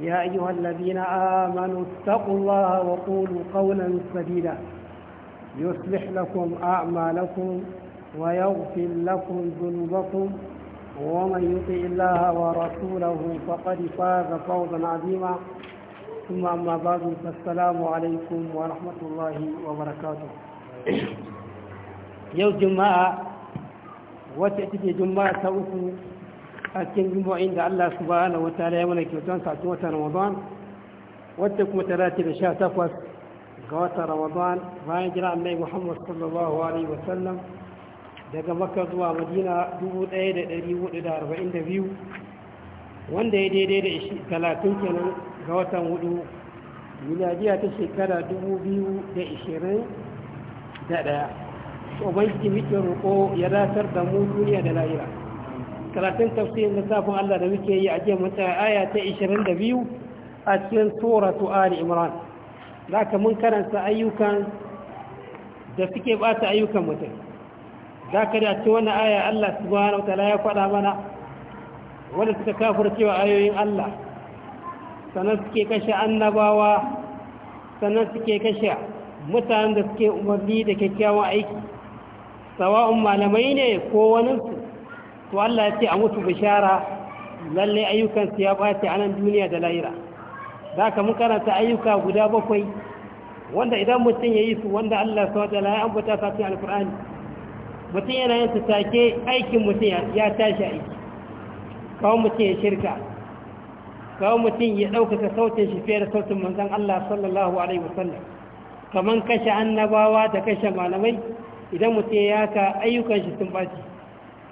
يا أيها الذين آمنوا اتقوا الله وقولوا قولا سديدا يصلح لكم أعمالكم ويغفر لكم ذنوبكم ومن يطع الله ورسوله فقد فاز فوزا عظيما ثم أما بعد فالسلام عليكم ورحمة الله وبركاته يوم جماعة وتأتي جماعة أخرى a cikin jumu'in da Allah subhanahu wataala ya mana kyautan sa cikin watan Ramadan wata kuma ta dace da sha takwas ga watan Ramadan bayan jira Annabi Muhammad sallallahu alaihi wa sallam daga Makka zuwa Madina 1442 wanda ya daidai da 30 kenan ga watan hudu miladiya ta shekara 2021 ubangiji muke roƙo ya datar da mu duniya da lahira karatun tafsirin lissafin Allah da muke yi a jiya mun tsaya aya ta 22 a cikin suratu Ali Imran zaka mun karanta ayyukan da suke bata ayyukan mutum zaka da ce wannan aya Allah subhanahu wataala ya faɗa mana wanda suka kafir cewa ayoyin Allah sannan suke kashe annabawa sannan suke kashe mutanen da suke umarni da kyakkyawan aiki sawa'un malamai ne ko wani su? to Allah ya ce a mutu bishara lalle ayyukansu ya bace a nan duniya da lahira za ka mun karanta ayyuka guda bakwai wanda idan mutum ya yi su wanda Allah su wata ya ambata sa cikin alkur'ani mutum yana yin su take aikin mutum ya tashi aiki kawai mutum ya shirka kawai mutum ya ɗaukaka sautin shi fiye da sautin manzan Allah sallallahu alaihi wasallam kamar kashe annabawa da kashe malamai idan mutum ya yaka ayyukan shi sun bace.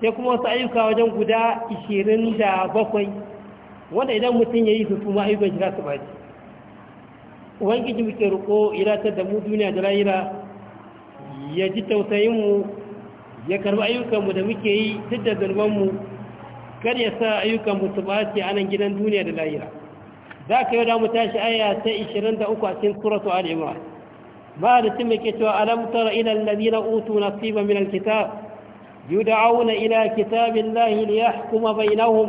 sai kuma wasu ayyuka wajen guda 27 wanda idan mutum ya yi su kuma ayyukan shi za su baci ubangiji muke roƙo iratar da mu duniya da rayira ya ji tausayinmu ya karbi ayyukanmu da muke yi duk da zurbanmu kar ya sa ayyukanmu su baci a nan gidan duniya da rayira za ka yi da tashi aya ta 23 a cikin suratu al'imra ma da cin mai ke cewa alam tara ila allazina utu nasiba min يدعون إلى كتاب الله ليحكم بينهم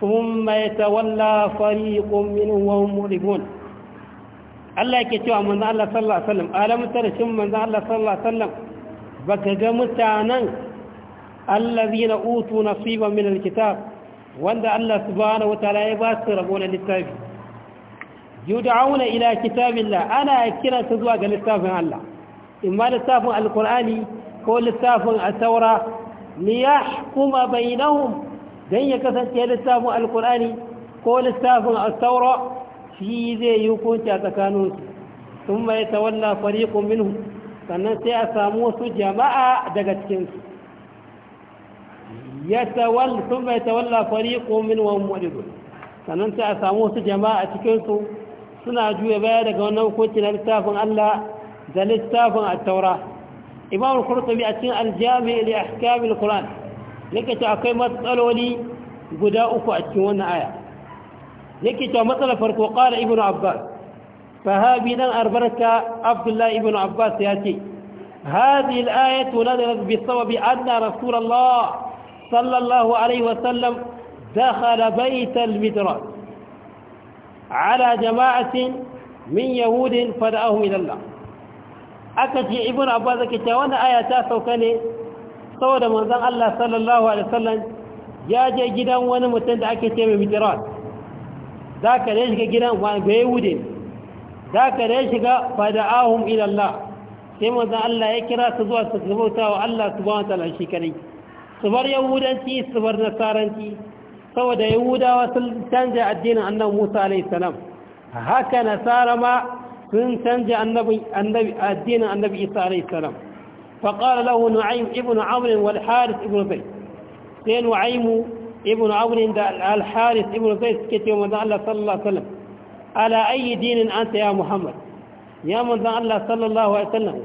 ثم يتولى فريق منهم وهم مؤلمون Allah yake cewa manzo Allah sallallahu alaihi wasallam alamun tarshin manzo Allah sallallahu alaihi wasallam baka ga mutanen allazina utu nasiban min alkitab wanda Allah subhanahu wataala ya ba su rabo na littafi yud'auna ila kitabillah ana kira su zuwa ga littafin Allah imma littafin alqur'ani ko littafin asaura liyahkuma bainahum don ya kasance littafin alqur'ani ko littafin asaura shi zai yi hukunci a tsakaninsu sun thumma yatawalla fariqun minhum sannan sai a samu wasu jama'a daga cikinsu sun thumma yatawalla fariqun minhum mu'ridun sannan sai a samu wasu jama'a cikinsu suna juya baya daga wannan hukunci na littafin Allah da littafin at-taura إمام القرطبي أتين الجامع لأحكام القرآن لكي تعقي مسألة ولي قداؤك أتشون آية لكي تعمطل فرق وقال ابن عباس فها بنا أربرك عبد الله ابن عباس يأتي هذه الآية نظرت بالصواب أن رسول الله صلى الله عليه وسلم دخل بيت المدرس على جماعة من يهود فدأهم إلى الله aka ce ibn abbas ke cewa wannan aya ta sauka ne saboda manzon Allah sallallahu alaihi wasallam ya je gidan wani mutum da ake ce mai mitras za ka da shiga gidan wanda ya wude za ka da shiga fada'ahum ila Allah sai manzon Allah ya kira su zuwa su bauta wa Allah subhanahu wa ta'ala shi kadai su bar yahudanci su bar nasaranci saboda yahudawa sun canja addinin annabi Musa alaihi salam haka nasara ma sun canja addinin annabi isa alaihi salam faƙara lahu nu'aym ibn amrin wal haris ibn zaid sai nu'aymu ibn amrin da al haris ibn zaid suke ce manzon Allah sallallahu alaihi wasallam ala ayi dinin anta ya muhammad ya manzon Allah sallallahu alaihi wasallam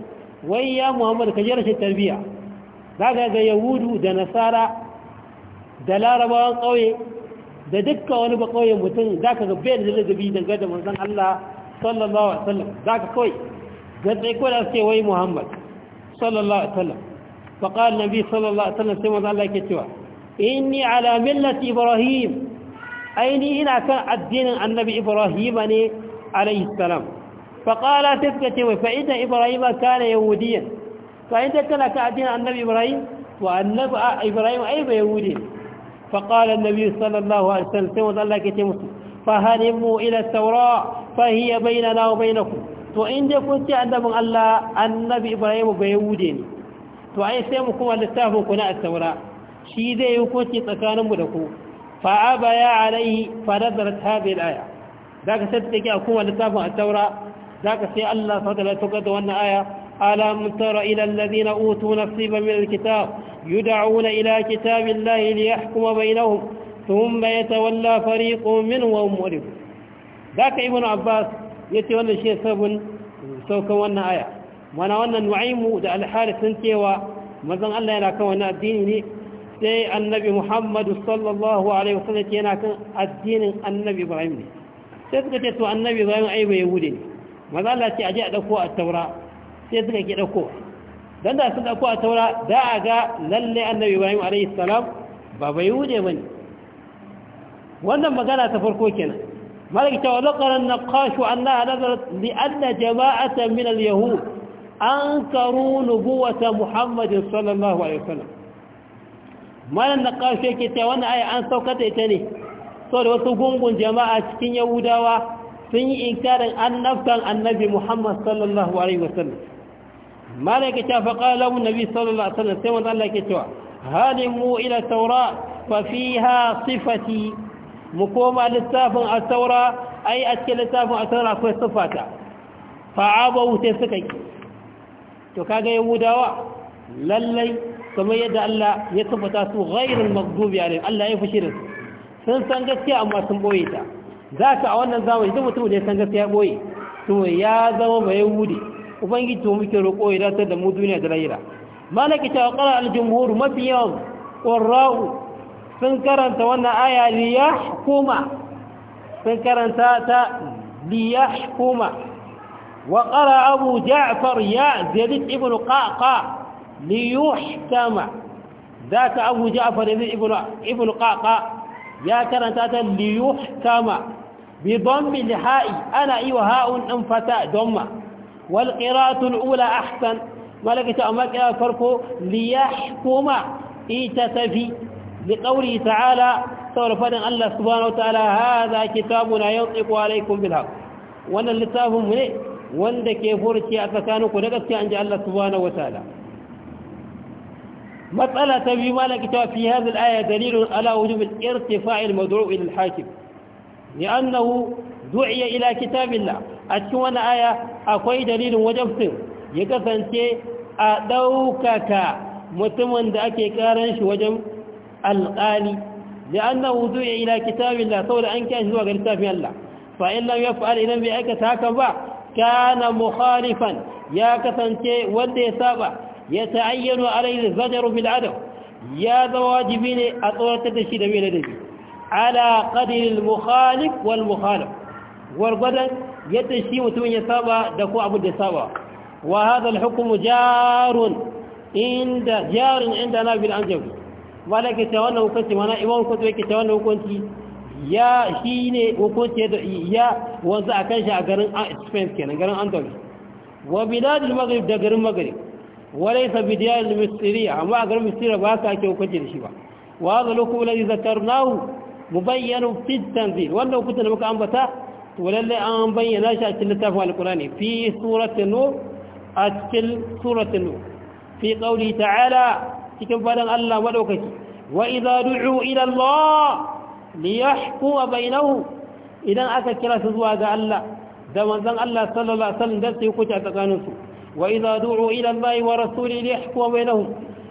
wai ya muhammad ka jira shi tarbiya zaka ga yahudu da nasara da larabawan ƙauye da dukkan wani ba ƙauye mutum zaka ga bai da ladabi dangane da manzon Allah sallallahu alaihi wasallam zaka kai gatsai ko da sai wai muhammad sallallahu alaihi wasallam fa qala nabi sallallahu alaihi wasallam sai manzo Allah yake cewa inni ala millati ibrahim aini ina kan addinin annabi ibrahim ne alaihi salam fa qala tafkati wa fa inna ibrahim kana yahudiyan fa inda kana ka addinin annabi ibrahim wa annabi ibrahim ai ba yahudi fa qala annabi sallallahu alaihi wasallam sai manzo Allah yake ce musu فهنموا إلى التوراة فهي بيننا وبينكم to in dai kun ce annabin Allah annabi Ibrahim ba Yahude ne to ai sai mu kuma littafin ku na at-Taura shi zai yi hukunci tsakanin mu da ku fa abaya alaihi fa nadarat hadhihi al-aya zaka sai take a kuma littafin at-Taura zaka saya Allah subhanahu wa ta'ala ya da wannan aya alam tara ila alladhina utu nasiban min al-kitab yud'auna ila kitabillahi liyahkuma bainahum ثم يتولى فريق منه وهم مؤلفون ذاك ابن عباس yace wannan shi sabon saukan wannan aya mana wannan nu'aimu da alhari sun cewa mazan Allah yana kan wannan addini ne sai annabi Muhammadu sallallahu alaihi wasallam yana kan addinin annabi Ibrahim ne sai suka ce to annabi Ibrahim ai bai yahude ne maza Allah ce aje a dauko a taura sai suka ki dauko dan da sun dauko a taura da a ga lalle annabi Ibrahim alaihi salam ba bai yahude bane wannan magana ta farko kenan malaka cewa laqaran naqashu annaha nazarat li anna jama'atan min al-yahud ankaru nubuwata muhammad sallallahu alaihi wasallam malan naqashu yake ta wannan aya an saukata ita ne saboda wasu gungun jama'a cikin yahudawa sun yi inkarin annabtan annabi muhammad sallallahu alaihi wasallam malaka cewa faqala nabi sallallahu alaihi wasallam sai wanda Allah yake cewa halimu ila tawra fa fiha sifati mu koma littafin asaura ai a cikin littafin asaura akwai siffata fa'abau wuce suka yi to kaga yahudawa lallai kamar yadda Allah ya siffata su ghairul maghdubi alaihim Allah ya fushi da su sun san gaskiya amma sun boye ta zaka a wannan zamani duk mutum da ya san gaskiya boye to ya zama mai yahudi ubangiji to muke roƙo ya da mu duniya da lahira malaki ta qara al jumhur mafi yawan qurra'u sun karanta wannan aya liyahkuma sun karanta ta liyahkuma wa qara abu ja'far ya zaid ibn qaqa liyuhkama ذاك أبو جعفر ابن ابن قعقاع يا كرنتا ليحكم بضم الهاء أنا إيوه هاء أنفتاء ضمة والقراءة الأولى أحسن ملكة أمك فرقه ليحكم إيتتفي لقوله تعالى سورة فدن الله سبحانه وتعالى هذا كتابنا ينطق عليكم بالحق وانا اللي تافهم منه وانا كيفورتي أتكانوك ونقصي عن الله سبحانه وتعالى مسألة تبي مالك في هذه الآية دليل على وجوب الارتفاع المدعو إلى الحاكم لأنه دعي إلى كتاب الله أتكون آية أقوي دليل وجبت يكفن شيء أدوكك متمن دعك كارنش وجم alƙali li'annahu ya ila kitabillah saboda an kiyaye zuwa ga littafin Allah fa in yaf'al idan bai aikata haka ba kana mukhalifan ya kasance wanda ya saba ya ta'ayyanu alayhi zajaru bil adam ya zama wajibi ne a tsoratar da shi da mai ladabi ala qadri al mukhalif wal mukhalif wargwadan yadda shi mutumin ya saba da ko abu da ya saba wa hadha al hukmu jarun inda jarun inda na bil anjabi wala ke ta wannan hukunci mana imam hukunci yake ta wannan hukunci ya shi ne hukunci ya wanzu a kan shi a garin Spain kenan garin Andalus wa biladul maghrib da garin maghrib walaysa bi diyaril misriya amma a garin misriya ba ka ke hukunci da shi ba wa za lakum alladhi zakarnahu mubayyanu fi tanzil wannan hukunci da muka ambata walalle an bayyana shi a cikin littafin alqurani fi surati a cikin surati nur fi qawli ta'ala cikin fadan Allah madaukaki wa idza ila Allah li bainahu idan aka kira su zuwa ga Allah da manzon Allah sallallahu alaihi wasallam da su kuce a tsakanin su wa ila Allah wa rasuli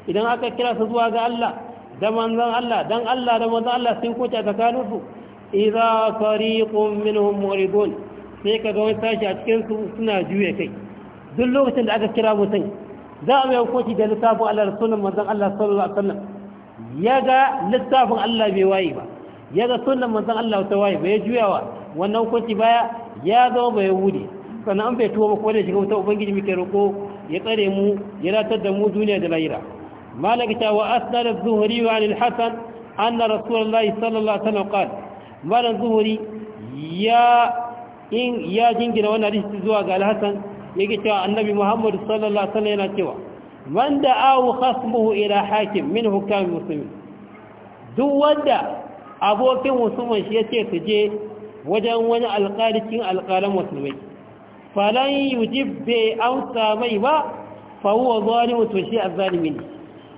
idan aka kira su zuwa ga Allah da manzon Allah dan Allah da manzon Allah ku kuce a tsakanin su idza fariqun minhum muridun sai kaga wani sashi a cikin su suna juye kai duk lokacin da aka kira mutum za a mai hukunci da littafin Allah da sunan manzon Allah sallallahu alaihi wasallam yaga littafin Allah bai waye ba yaga sunan manzon Allah ta waye bai juyawa wannan hukunci baya ya zama bai wuri. sannan an bai tuwo ba ko da shiga wuta ubangiji muke roko ya tsare mu ya ratar da mu duniya da lahira malaka ta wa asnad az-zuhri wa al-hasan anna rasulullahi sallallahu alaihi wasallam qala malan zuhri ya in ya jingina wannan hadisi zuwa ga al-hasan yake cewa annabi muhammadu sallallahu alaihi wasallam yana cewa man awu khasmuhu ila hakim min hukam musulmi. duk wanda abokin musulman shi ya ce su je wajen wani alqalikin alƙalan musulmai falan yujib bai amsa mai ba fa huwa zalimu to shi azzalimi ne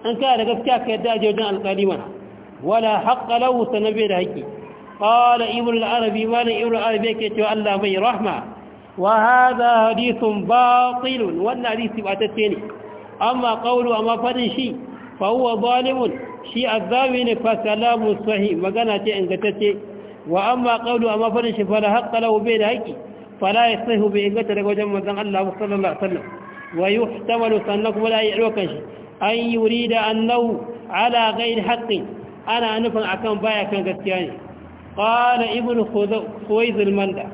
an ka da gaskiya ka yadda je wajen alqali mana wala haqqa na bai da haƙi qala ibnu al-arabi malan ibnu al-arabi yake cewa Allah mai rahma wa hadha hadithun batilun wannan hadisi ba ta ce ne amma qawlu amma fadin shi fa huwa zalimun shi azami ne fa salamu sahi magana ce ingantacce wa amma qawlu amma fadin shi fa la haqqa lahu bi alhaqi fa la yasihu bi ingata daga wajen manzon Allah sallallahu alaihi wasallam wa yuhtamalu sannakum la yu'lukan shi an yurida annahu ala ghairi haqqi ana nufin akan baya kan gaskiya ne قال ابن خويذ المندى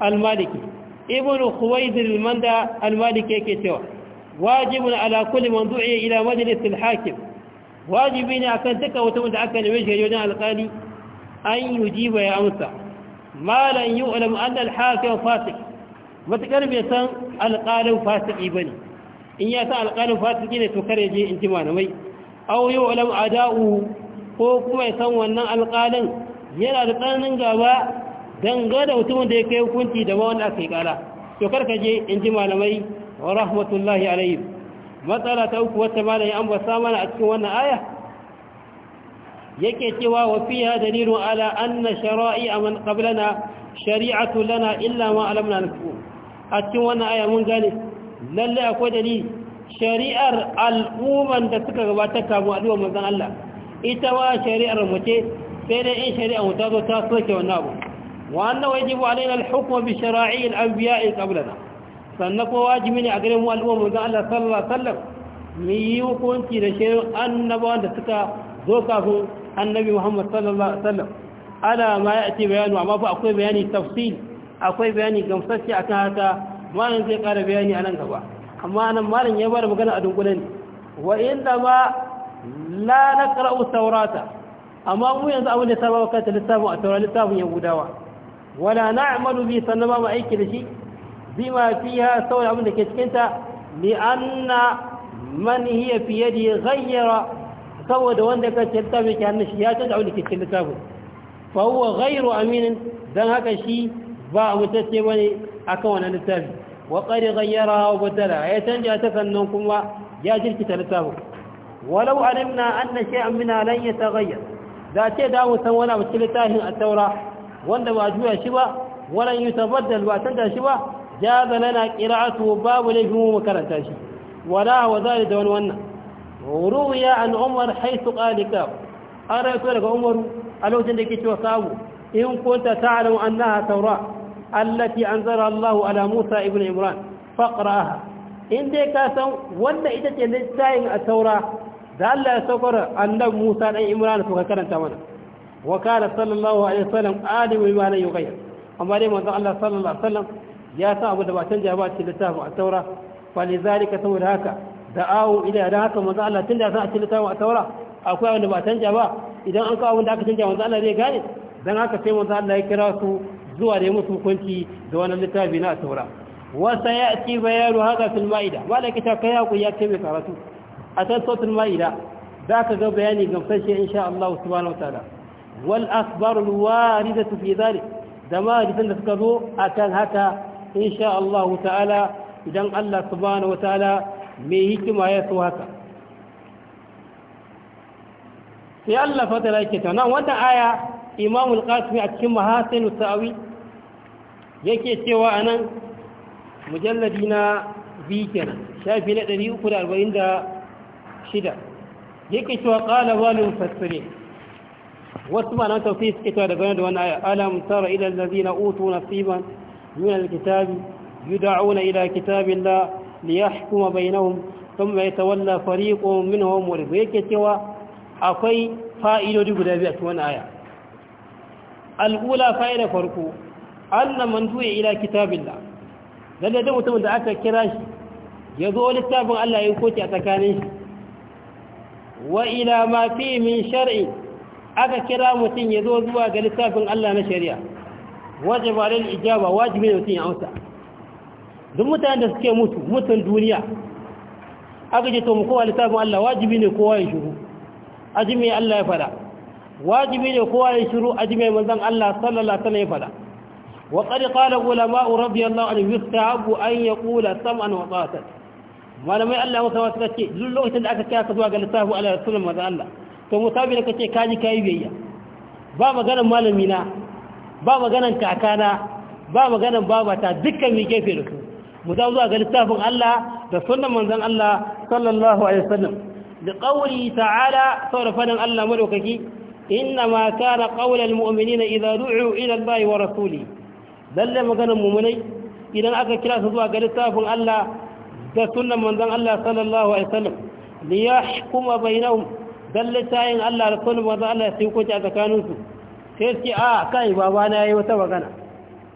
al-maliki ibn khuwaid al-manda al yake cewa wajibun ala kulli man du'iya ila wajibi ne akan duka wata wanda aka nemi a wajen alƙali an yujiba ya amsa malan yu'lam anna al-hakim fasik matakar bai san alƙalin fasiki bane in ya san alƙalin fasiki ne to kare je in ji malamai aw yu'lam ada'u ko kuma ya san wannan alƙalin yana da tsananin gaba dangane da mutumin da ya kai hukunci da wanda aka yi kara to karka je in ji malamai wa rahmatullahi alayhi matsala ta uku wata malami an ambasa mana a cikin wannan aya yake cewa wa fiha dalilu ala anna shara'i aman qablana shari'atu lana illa ma alamna nafu a cikin wannan aya mun gane lalle akwai dalili shari'ar al'umman da suka gabatar kamu al'uwa manzon Allah ita ma shari'ar mu ce sai dai in shari'a mu ta zo ta soke wannan abu وأنه يجب علينا الحكم بشرائع الأنبياء قبلنا sannan kuma wajibi ne a garin al'ummar manzon Allah sallallahu alaihi wasallam mu yi hukunci da shirin annabawan da suka zo kafin annabi Muhammad sallallahu alaihi wasallam ala ma ya'ti bayanu amma fa akwai bayani tafsil akwai bayani gamsacce akan haka malam zai ƙara bayani a nan gaba amma nan malam ya bada magana a dunkule ne wa inda ma la naqra'u tawrata amma mu yanzu da ba littafin a littafin wala na na'malu bi sannan ba mu aiki da shi bima fiha saboda abin da ke cikinta? cikin an na anna man hiya fi yadi ghayyara saboda wanda ka cinta mai ke hannun shi ya canza abin da ke cikin littafin fa huwa ghayru aminin don haka shi ba a mutacce bane akan wannan littafi wa qad ghayyara wa badala ya canja ta sannan kuma ya jirkita littafin walau alimna anna shay'an min lan yataghayyar da ce da mu san wani abu cikin littafin a taura wanda ba juya shi ba walan yutabaddal ba tanda shi ba jaza lana qira'atu babu laifin mu makaranta shi wala wa zali da wani wannan ruwiya an umar haythu qalika an rawaito daga umar a lokacin da yake cewa sabu in kunta ta'lamu annaha tawra allati anzara Allahu ala Musa ibn Imran faqra'aha in dai ka san wanda ita ce littafin a taura da Allah ya saukar annabi Musa dan Imran to ka karanta mana wa kana sallallahu alaihi wasallam alimu bima la yughayyir amma dai manzon Allah sallallahu alaihi wasallam ya san abu da ba canja ba cikin littafin at-taura fa lizalika saboda haka da'awu ila da haka manzon Allah tunda ya san a cikin littafin at-taura akwai abu da ba canja ba idan an kawo abin da aka canja manzon Allah zai gane dan haka sai manzon Allah ya kira su zuwa da musu hukunci da wannan littafi na at-taura wasa ya ci bayanu haka fil ma'ida malaka ta kai hakuri ya ce mai karatu a san sautul ma'ida za ka ga bayani gamsashe insha Allah subhanahu wa ta'ala wal asbarul waridatu fi zalik da ma hadisan da suka zo akan haka insha Allah ta'ala idan Allah subhanahu wataala mai hikima ya so haka sai Allah fatala yake ta nan wannan aya Imam al-Qasimi a cikin Mahasin al-Sa'awi yake cewa a anan mujalladi na biyu kenan shafi na 346 yake cewa qala walil mufassirin wasu ma nan tafsir suke cewa daga da wannan aya alam tara da allazina utu nasiban min alkitabi yud'auna ila kitabillah liyahkuma bainahum thumma yatawalla fariqun minhum wa yake cewa akwai fa'idodi guda biyu a cikin wannan aya al'ula fa'ida farko annan man duye ila kitabillah lalle da mutum da aka kira shi ya zo littafin Allah ya yi koki a tsakanin shi wa ila ma fi min shar'i aka kira mutum ya zo zuwa ga lissafin Allah na shari'a Waje ba lalil ijaba wajibi ne mutum ya amsa duk mutanen da suke mutu mutum duniya aka ce to mu kowa lissafin Allah wajibi ne kowa ya shiru ajimi Allah ya fada wajibi ne kowa ya shiru ajimi manzon Allah sallallahu alaihi wasallam ya fada wa qad qala ulama'u radiyallahu anhu yustahabu an yaqula sam'an wa ta'atan malamai Allah mutawa suka ce duk lokacin da aka kira ka zuwa ga lissafin Allah sallallahu alaihi wasallam Allah to musabi da kace kaji kai biyayya ba maganar malami na ba maganar kakana ba maganan babata dukkan mi gefe da su mu za zuwa ga littafin Allah da sunnan manzon Allah sallallahu alaihi wasallam da qawli ta'ala saboda fadin Allah madaukaki ina كان قول المؤمنين إذا دعوا إلى الله ورسوله دل مغنى المؤمنين إذا أكا كلا سدوا قلتاف الله ده Allah, من ذن الله صلى الله عليه وسلم ليحكم بينهم dan littayin Allah da kullum wanzu Allah sai kuce a tsakaninsu sai suke a ah, kai babana ya yi wata magana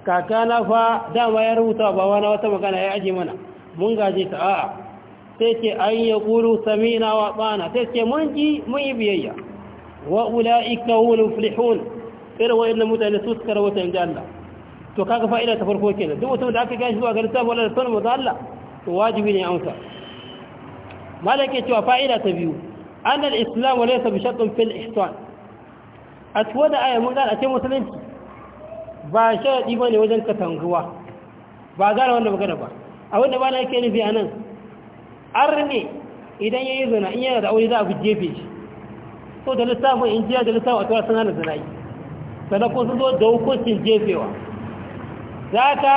kakana fa dama ya rubuta babana wata magana ya aje mana mun gaje ta a ah. sai ce an yi kuru samina wa bana sai ce mun ji mun yi biyayya wa ula'ika wulun filihun irin wa'in mutane su suka rahoton inda Allah to kaga fa'ida ta farko kenan duk mutum da aka gashi zuwa garin littafin Allah da sunan manzo Allah to wajibi ne amsa malaka cewa fa'ida ta biyu أن الإسلام وليس بشرط في الإحسان أتودى آية مؤلاء أتي مسلمتي باشا إيماني وجن a باقال وانا بقنبا أولا بانا يكيني في أنا أرني إذا يزنا إيانا دعوني ذا في الجيبيش so da lissafin injiya da lissafin a sun hana zinayi sannan kun sun zo da hukuncin jefewa za ka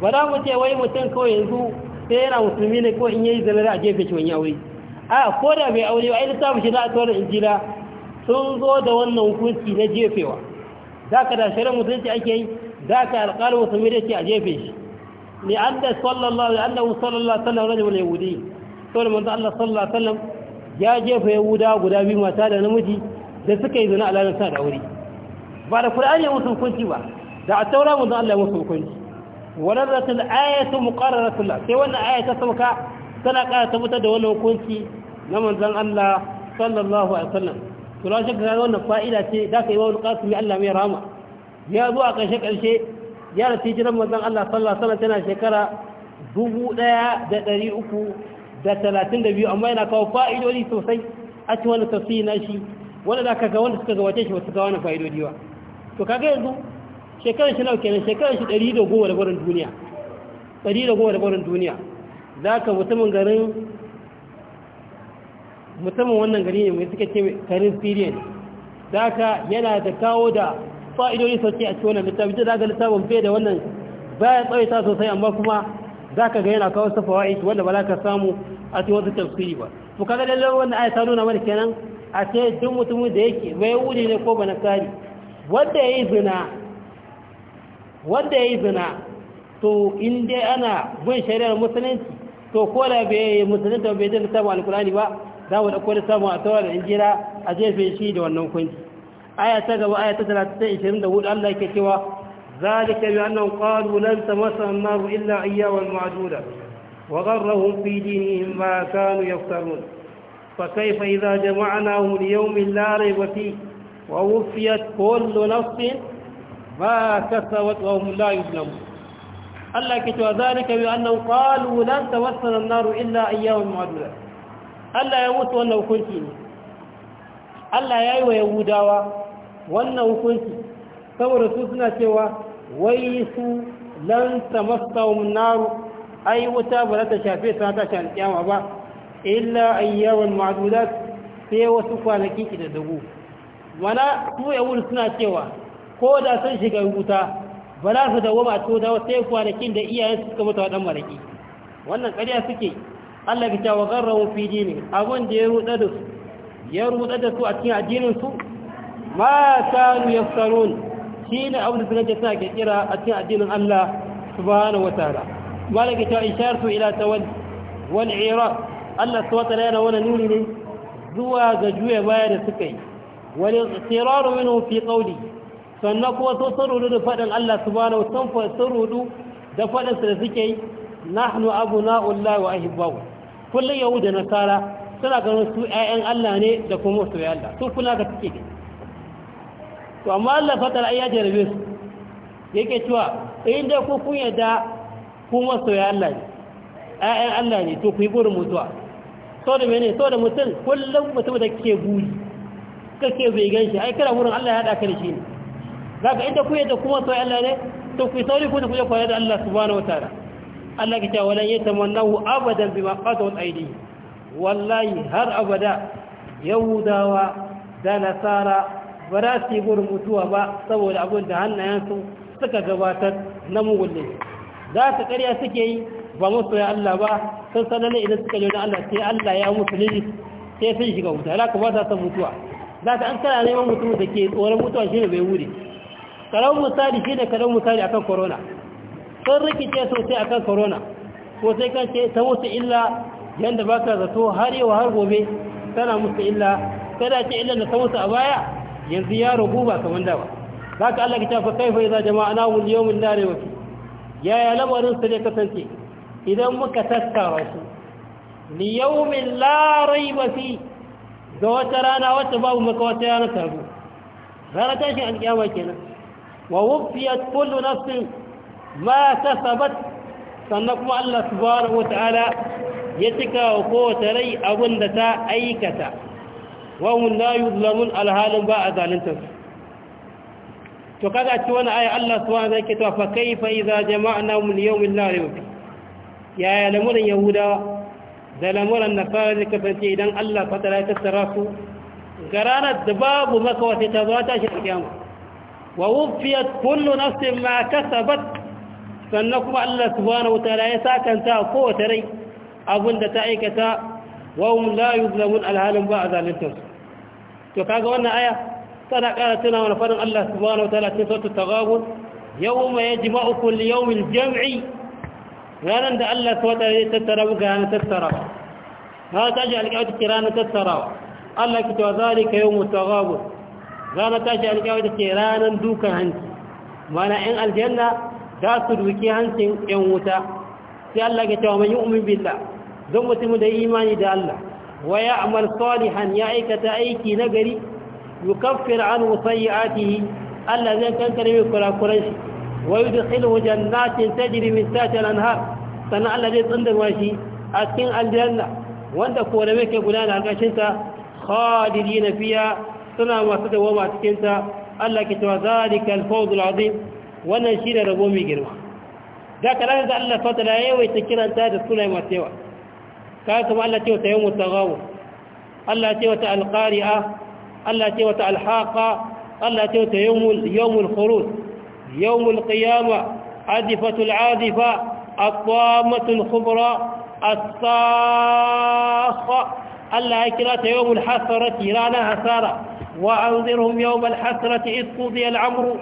ba za mu ce wai mutum kawai yanzu sai yana musulmi ne ko in yi zina a jefe shi wani aure a ko da bai aure ba a ai littafin shi a atuwar injila sun zo da wannan hukunci na jefewa za ka da shirin mutunci ake yi za ka alƙalin musulmi da ce a jefe shi ne an da sallallahu alaihi annabu sallallahu sallam rajin wani yahudi saboda manzo allah sallallahu sallam ya jefa yahuda guda biyu mata da namiji da suka yi zina a lalata sa da aure ba da kur'ani ya musu hukunci ba da a taura manzo allah ya musu hukunci wadda ayatul ayatu muqarraratul sai wannan aya ta sauka tana ƙara tabbatar da wannan hukunci na manzan Allah sallallahu alaihi wasallam to la shakka ga wannan fa'ida ce da ka yi wa alqasimi Allah mai rahama ya zo a ƙarshe ƙarshe ya rasu jiran manzan Allah sallallahu alaihi wasallam tana shekara dubu ɗaya da ɗari uku da talatin da biyu amma yana kawo fa'idodi sosai a ci wani tafsiri na shi wanda za ka ga wanda suka gabace shi ba su ga wani fa'idodi ba to kaga yanzu shekarar shi nau kenan shekarar shi ɗari da goma da barin duniya ɗari da goma da barin duniya za ka mutumin garin mutumin wannan gari ne mai suka ce karin siriyan za ka yana da kawo da fa'idori sauke a cikin wannan littafi za ga littafin fiye da wannan bayan tsawaita sosai amma kuma za ka ga yana kawo safawa iki wanda ba za ka samu a cikin wasu tafsiri ba to kaga lallai wannan aya ta nuna mana kenan a ce duk mutumin da yake mai wuri ne ko bana kari wanda ya yi zina wanda ya yi zina to in dai ana bin shari'ar musulunci to ko da bai musulunta bai da lissafin alkurani ba za mu ɗauko lissafin a tawar injira a jefe shi da wannan kunci aya ta gaba aya ta talatin ishirin da hudu allah ke cewa ذلك بأنهم قالوا لن تمسنا النار إلا أيام معدودة وغرهم في دينهم ما كانوا يفترون فكيف إذا جمعناهم ليوم لا ريب فيه ووفيت كل نفس ما كسبت وهم لا يظلمون Allah ke cewa zalika bi annahu qalu lan tawassala an-nar illa ayyaman ma'dudat Allah ya mutu wannan hukunci ne Allah ya yi wa Yahudawa wannan hukunci saboda su suna cewa wai su lan tamassahum an-nar ay wata ba za ta shafe ta ta shan kiyama ba illa ayyaman ma'dudat sai wasu kwanaki da dagu wana su yawul suna cewa ko da sun shiga wuta ba za su dawoma a todawa sai kwanakin da iyayen suka mutu a ɗan maraƙi wannan ƙarya suke Allah bi ta wa garrawun fiji ne abin da ya ruɗa da su ya ruɗa da su a cikin addininsu ma kanu ya tsaron shi ne abin da suka ce suna ƙirƙira a cikin addinin Allah subhanahu wa ta'ala malaka ta shayar su ila tawal wani iraq Allah subhanahu wa yana wani nuni ne zuwa ga juya baya da suka yi wal istiraru minhu fi qawli sannan kuma sun san rudu da faɗin Allah subhanahu sun rudu da faɗinsa da suke yi nahnu abu na'ullahi wa ahibbahu kullum yahu da nasara suna ganin su 'ya'yan Allah ne da kuma su ya Allah su kula ga suke gani to amma Allah fatar ai ya jarabe su yake cewa in dai ku kun yadda kuma su ya Allah ne 'ya'yan Allah ne to ku yi burin mutuwa so da mene so da mutum kullum mutum da ke buri kake bai gan shi ai kana wurin Allah ya haɗa ka da shi ne zaka ita ku yadda kuma sai Allah ne to ku sauri ku kuje koyar da Allah subhanahu wataala Allah ke cewa lan yatamannahu abadan bima qadat aydihi wallahi har abada yahudawa da nasara ba za su yi gurin mutuwa ba saboda abin da hannayensu suka gabatar na mugulle za su ƙarya suke yi ba musu ya Allah ba sun sananne idan suka yi Allah sai Allah ya mutu lili sai sun shiga wuta ya laka ba za su mutuwa za ta an kana neman mutum da ke tsoron mutuwa shi ne bai wuri karon misali shi ne karon misali akan corona sun rikice sosai akan corona ko sai kan ce ta musu illa yadda ba ka zato har yau har gobe tana musu illa kada ce illa da ta musu a baya yanzu ya rubu ba kamar da ba za ka Allah ka tafi kai fa jama'a na wul yawmin dare wafi yaya lamarin su ne kasance idan muka tattara su li yawmin la raiba fi ga wata rana wacce babu maka wata rana tabu rana tashin alƙiyama kenan ووفيت كل نفس ما كسبت سنكم الله سبحانه وتعالى يتكا وقوة لي أبندتا أيكتا وهم لا يظلمون الهال باء ذلك تقدع توانا آية الله سبحانه وتعالى فكيف إذا جمعناهم اليوم لا ريب فيه يا يعلمون يهودا da lamuran na fara kasance idan Allah fatara ya tattara su ga ranar da babu makawa sai ta zo ta shi a kyamu ووفيت كل نفس ما كسبت فانكم الله سبحانه وتعالى تا قوة ري أبن تا وهم لا يظلمون الهالم بعد للتنس تقاقوا أن آية تنقالتنا آية ونفرن الله سبحانه وتعالى تنسوة التغابر يوم يجمع كل يوم الجمع رانا دا الله سبحانه وتعالى تتراب وكهانا تتراب هذا تجعل كأوت كرانا الله كتوى ذلك يوم التغابر ranar tashi alƙiyama ita ce ranar dukan hanci mana ‘yan aljanna za su duki hancin ‘yan wuta sai Allah ga cewa mai yi umin billa don mutumin da imani da Allah wa ya amal salihan ya aikata aiki na gari yi kafir an musayi atihi Allah zai kankare mai kurakuran shi wa yi dukkanin jannatin ta jiri min sashen anhar sannan Allah zai tsandarwa shi a cikin aljanna wanda kone mai ke gudana a ƙashinta khalidi na fiya سنة واسدة وما تكنت الله كتوى ذلك الفوض العظيم ونشير ربومي جرما ذاك الآن ذا الله فضل أيوة تكنا أنت هذا السنة ما سوى كاتم الله تيوة يوم التغاو الله تيوة القارئة الله تيوة الحاقة الله تيوة يوم, يوم الخروج يوم القيامة عذفة العاذفة الطامة الخبرى الصاخة Allah ya kira ta yawmul hasarati ranar hasara wa anzirhum yawmal hasarati id qudiya al'amru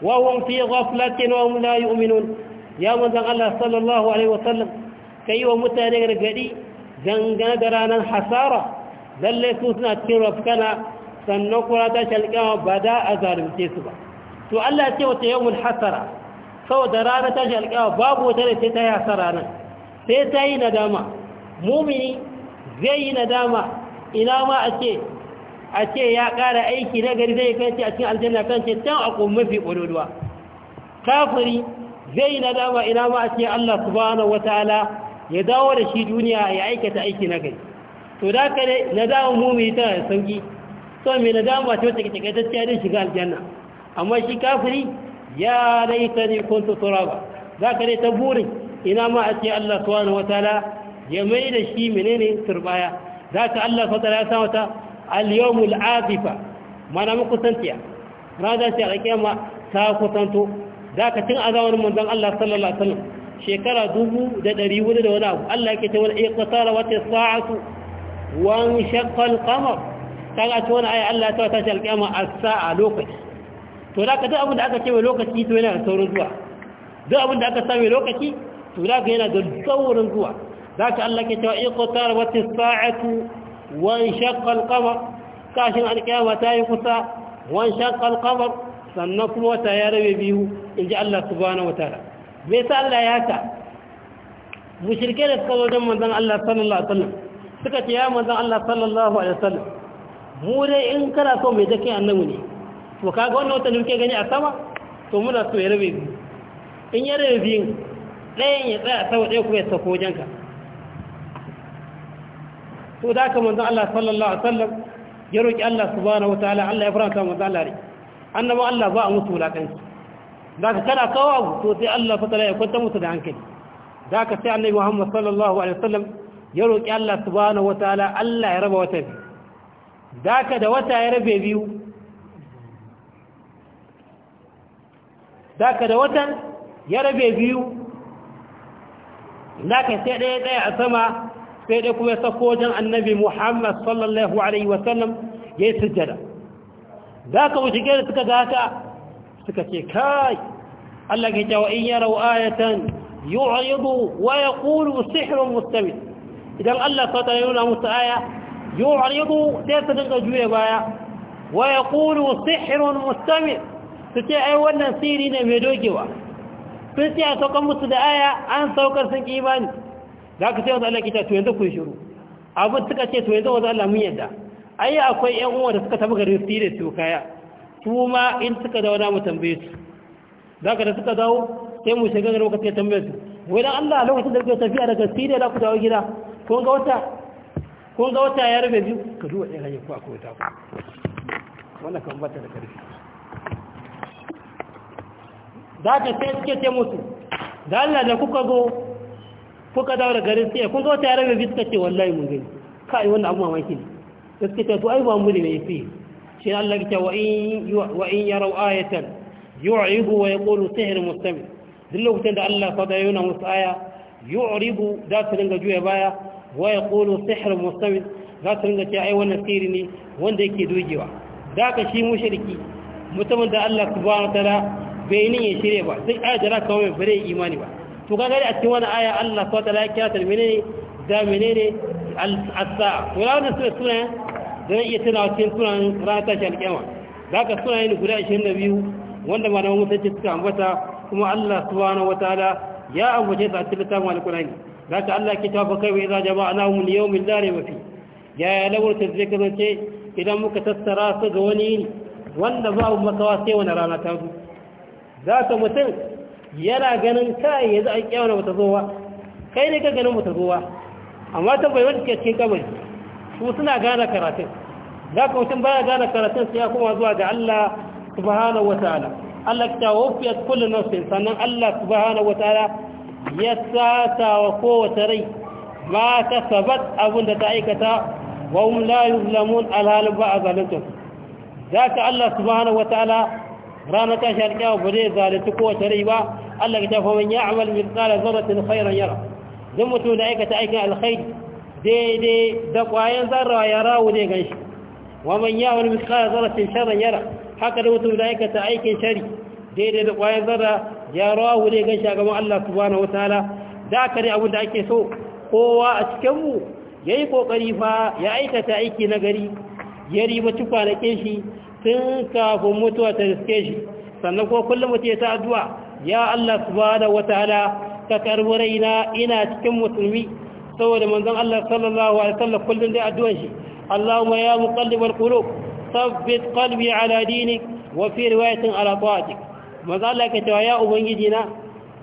wa hum fi ghaflatin wa hum la yu'minun ya manzon Allah sallallahu alaihi wa sallam yi wa mutane gargadi dangane da ranar hasara lalle su suna cikin rafkana sannan kura ta shalƙawa ba da a zalunce su ba to Allah ce wata yawon hasara saboda ranar ta shalƙawa babu wata da sai ta yi hasara nan sai ta yi nadama mumini zai yi nadama ina ma a ce a ce ya ƙara aiki na gari zai kai a cikin aljanna kan ce can a kuma mafi ƙololuwa kafiri zai yi nadama ina ma a ce Allah subhanahu wataala ya dawo da shi duniya ya aikata aiki na gari to da ka ne nadama mu mai ta sauki to mai nadama ta wata takaitacciya din shiga aljanna amma shi kafiri ya laita ne kuntu turaba za ka ne ta burin ina ma a ce Allah subhanahu wataala ya mai da shi menene turbaya za ka Allah fatara ya samata al-yawmul azifa mana mu kusantiya rada ce a kiyama ta kusanto za ka cin azawar manzon Allah sallallahu alaihi wasallam shekara dubu da ɗari hudu da wani abu Allah yake cewa iqtara wa tisa'atu wa shaqqa al-qamar kaga ce wani aya Allah ta tashi al-kiyama as-sa'a lokaci to da ka duk abin da aka ce lokaci to yana da saurin zuwa duk abin da aka sa lokaci to da ka yana da saurin zuwa ذاك الله كتاب اقتربت الساعة وانشق القمر كاشن القيامة تايقسا وانشق القمر سنكم وتيارب بيه إن جاء الله سبحانه وتعالى بيس الله ياتا مشركين اتقلوا دم من الله صلى الله عليه وسلم سكت يا من الله صلى الله عليه وسلم مولي إن كان أصوم يدكي أنه لي وكاقوا أنه تنمكي غني أسما ثم لا سوى ربي in ya rabin ɗayan ya tsaya sau ɗaya kuma ya sako wajenka to da aka manzo Allah sallallahu alaihi wasallam ya roƙi Allah wata wataala Allah ya faranta manzo Allah rai annaba Allah ba a mutu wulaƙansu da ka kada kawo abu to sai Allah fatala ya kwanta musu da hankali da ka sai annabi Muhammad sallallahu alaihi wasallam ya roƙi Allah wata wataala Allah ya raba wata biyu da ka da wata ya rabe biyu da ka da wata ya rabe biyu da ka sai ɗaya ɗaya a sama sai dai kuma ya sako wajen annabi muhammad sallallahu alaihi wasallam ya yi sujjada za ka wuce gari suka gata suka ce kai Allah ke cewa in yara ayatan yu'ridu wa yaqulu sihrun mustamid idan Allah ta tare nuna musu aya yu'ridu sai su dinga juye baya wa yaqulu sihrun mustamid su ce ai wannan siri ne mai dogewa sun ce a saukan musu da aya an saukar sun imani da aka sai wasu Allah ya cewa to yanzu ku shiru abin suka ce to yanzu wasu Allah mun yadda ayi akwai ƴan uwa da suka tafi garin su da su kaya su ma in suka dawo da mu tambaye su da ka da suka dawo sai mu shiga garin ya tambaye su wai dan Allah lokacin da kuke tafiya daga su da ku dawo gida kun ga wata kun ga wata ya rabe biyu ka duba ɗaya hanyar ku a kowata ku wannan kan bata da ƙarfi da ka sai suke ce musu da Allah da kuka zo ka dawo da garin sai kun zo ta yaran da suka ce wallahi mun gani kai wannan abu mamaki ne suke ce to ai ba mu ne yafi shi Allah ya ce wa in wa in yarau ayatan yu'ibu wa yaqulu sihr mustamil duk lokacin da Allah ya fada yana musu aya yu'ribu da su dinga juya baya wa yaqulu sihr mustamil za su dinga ce ai wannan sihiri ne wanda yake dogewa da ka shi mushriki mutumin da Allah subhanahu wa ta'ala bai ne ya shirye ba sai ayata za ka mai bare imani ba to kaga a cikin wani aya Allah ko ta'ala ya kira ta menene da ne al-asa to ya wannan sura suna da iya tana cikin sunan ranar tashi alƙiyama da ka suna yin guda 22 wanda malaman musulunci suka ambata kuma Allah subhanahu wataala ya ambace su a cikin littafin alƙur'ani da ka Allah ke tafa kai wai za jama'anahum liyawmin la rayba fi ya ya lawar ta zai kasance idan muka tattara su ga wani wanda mu makawa sai wani rana ta zo za ka mutum yana ganin kai yanzu an kyawar bata zo ba kai ne ka ganin bata zo ba amma ta bai wanda ke cikin kabari su suna gane karatun za ka mutum baya gane karatun sai ya kuma zuwa ga Allah wa ta'ala. Allah ta wafiyat kullu nafsin sannan Allah wa ta'ala ya sata wa kowace rai ma ta sabat abin da ta aikata wa hum la yuzlamun alhal ba a Za ka Allah wa ta'ala. ranar tashi alƙiyama ba zai zalunci kowace rai ba Allah ka tafi man ya'mal mithqala dharratin khairan yara duk mutum da aikata aikin alkhairi daidai da ƙwayan zarra ya rawu zai ganshi wa man ya'mal mithqala dharratin sharran yara haka da mutum da aikata aikin shari daidai da ƙwayan zarra ya rawu zai ganshi a gaban Allah subhanahu wataala da aka ne abin da ake so kowa a cikin mu yayi kokari fa ya aikata aiki na gari ya riba ci kwanakin shi tun kafin mutuwa ta riske shi sannan ko kullum mutum ya ta addu'a ya Allah subhanahu wataala ka karbi raina ina cikin musulmi saboda manzon Allah sallallahu alaihi wasallam kullum dai addu'an shi Allahumma ya muqallibal qulub thabbit qalbi ala dinik wa fi riwayatin ala ta'atik manzon Allah ka cewa ya ubangiji na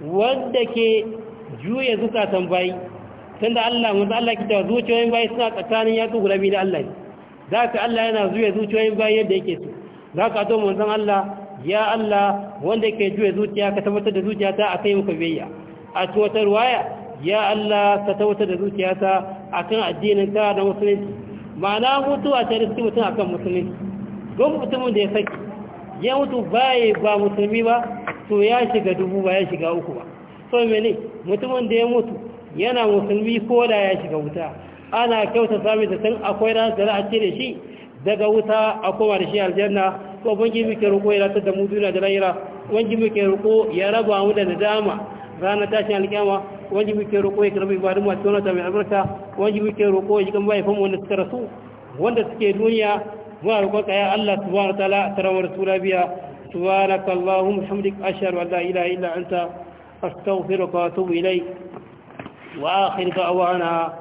wanda ke juya zukatan tambayi, tunda Allah manzon Allah ke cewa zuciyoyin bayi suna tsakanin yatsu guda biyu da Allah ne za ka Allah yana zuwa zuciyoyin bayan yadda yake so za ka zo manzon Allah ya Allah wanda ke juya zuciya ka tabbatar da zuciyata a kai muka biyayya a tuwatar waya ya Allah ka tabbatar da zuciyata a kan addinin ka da musulunci ma'ana mutu a tare su mutum a kan musulunci don mutumin da ya saki ya mutu baya ba musulmi ba to ya shiga dubu ba ya shiga uku ba so mene mutumin da ya mutu yana musulmi ko da ya shiga wuta ana kyauta sami da tun akwai ranar da za a cire shi daga wuta a koma da shi aljanna ko bangi muke roƙo ya latar da mu duniya da lahira bangi muke roƙo ya raba mu da nadama ranar tashin alƙiyama bangi muke roƙo ya karbi ibadun masu wani ta mai albarka bangi muke roƙo ya jikan bayan famu wanda suka rasu wanda suke duniya muna roƙon ka ya Allah subhanahu ta'ala tarawar su lafiya subhanakallahumma hamdik ashhadu an la ilaha illa anta astaghfiruka wa atubu ilayk واخر دعوانا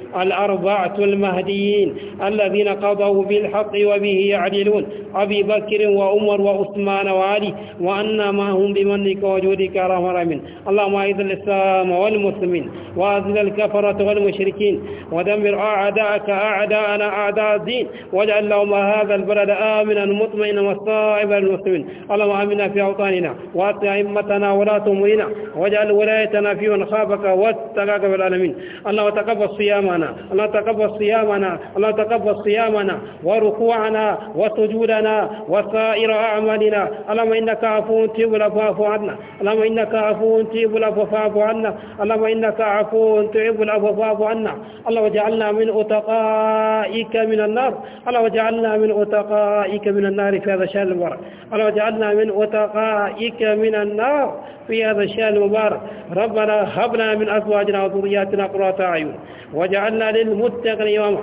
الأربعة المهديين الذين قضوا بالحق وبه يعدلون أبي بكر وعمر وعثمان وعلي وأنا هم بمنك وجودك رحم رحمين اللهم أعز الإسلام والمسلمين وأذل الكفرة والمشركين ودمر أعداءك أعداءنا أعداء الدين واجعل لهم هذا البلد آمنا مطمئنا وصائبا للمسلمين اللهم آمنا في أوطاننا وأطع أئمتنا ولا تمرنا واجعل ولايتنا في من خافك واتقاك بالعالمين اللهم تقبل صيامنا صلاتنا الله تقبل صيامنا الله تقبل صيامنا وركوعنا وسجودنا وسائر أعمالنا اللهم إنك عفو تجيب العفو عنا اللهم إنك عفو تجيب العفو فاعف عنا اللهم إنك عفو تجيب العفو فاعف عنا اللهم اجعلنا من أتقائك من النار اللهم اجعلنا من أتقائك من النار في هذا الشهر المبارك اللهم اجعلنا من أتقائك من النار في هذا الشهر المبارك ربنا هب لنا من أزواجنا وذرياتنا قرة أعين وجعلنا للمتقين إماما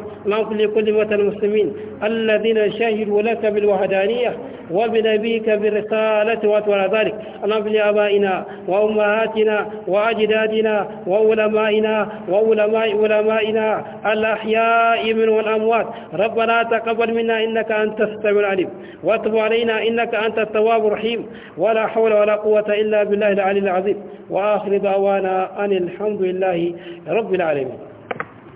لكل أمة المسلمين الذين شهدوا لك بالوحدانية وبنبيك بالرسالة وأتولى ذلك اللهم لآبائنا وأمهاتنا وأجدادنا وعلمائنا وعلماء علمائنا الأحياء من والأموات ربنا تقبل منا إنك أنت السميع العليم وتب علينا إنك أنت التواب الرحيم ولا حول ولا قوة إلا بالله العلي العظيم وآخر دعوانا أن الحمد لله رب العالمين